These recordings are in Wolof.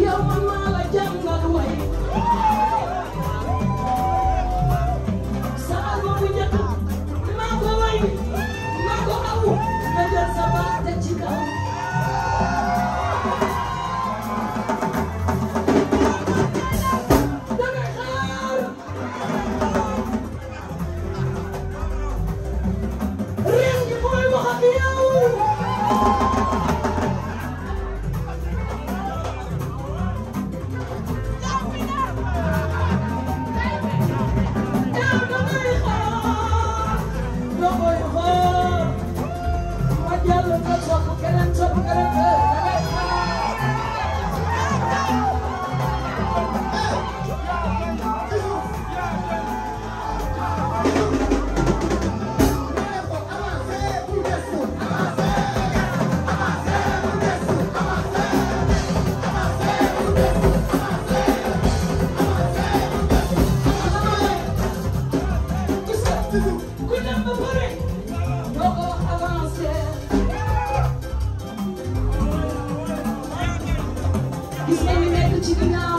Yo mama Krishna.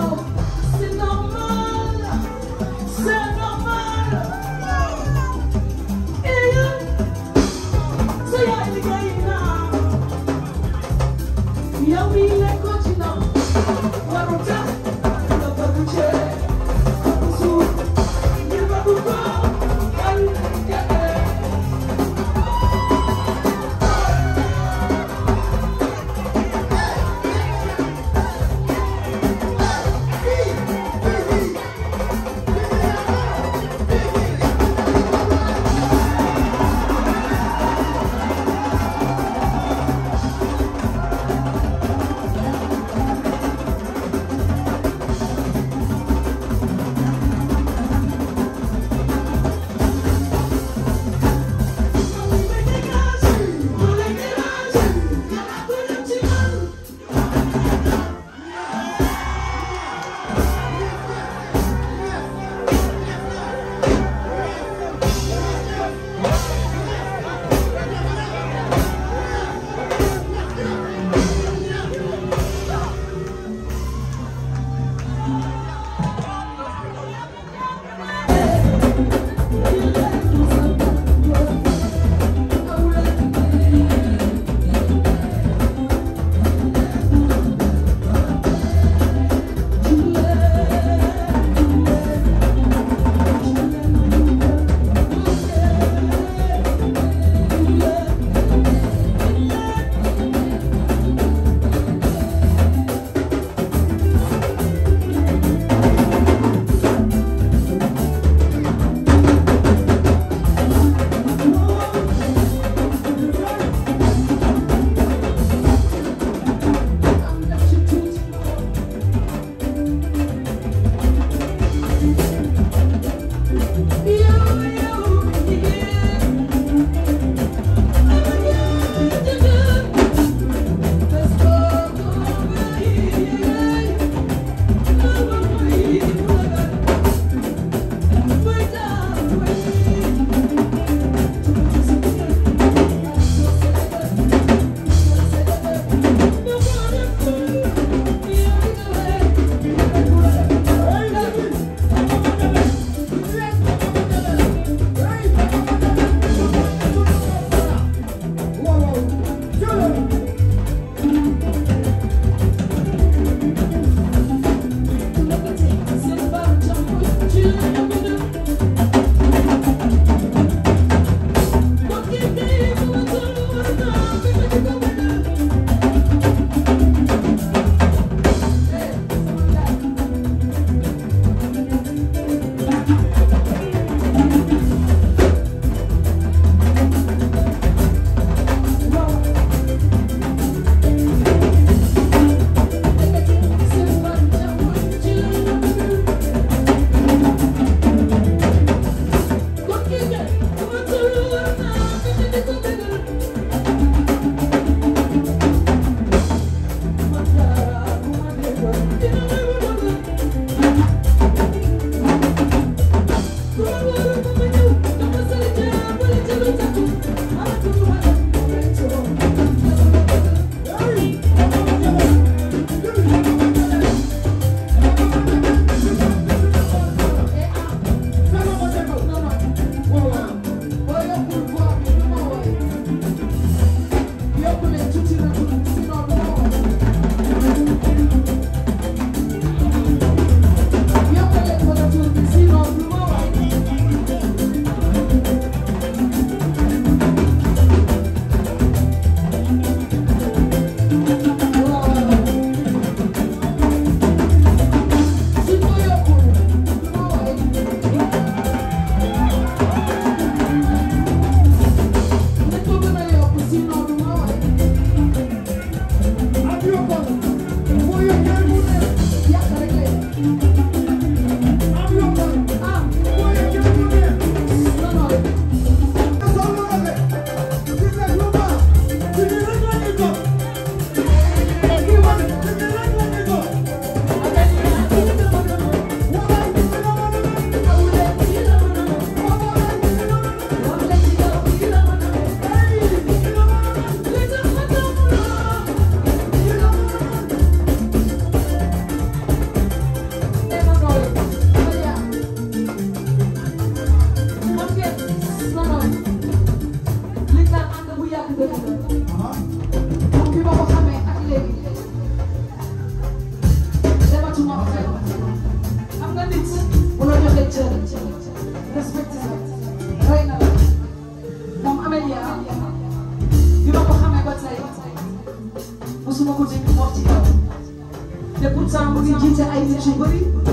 Esse é Jamboree.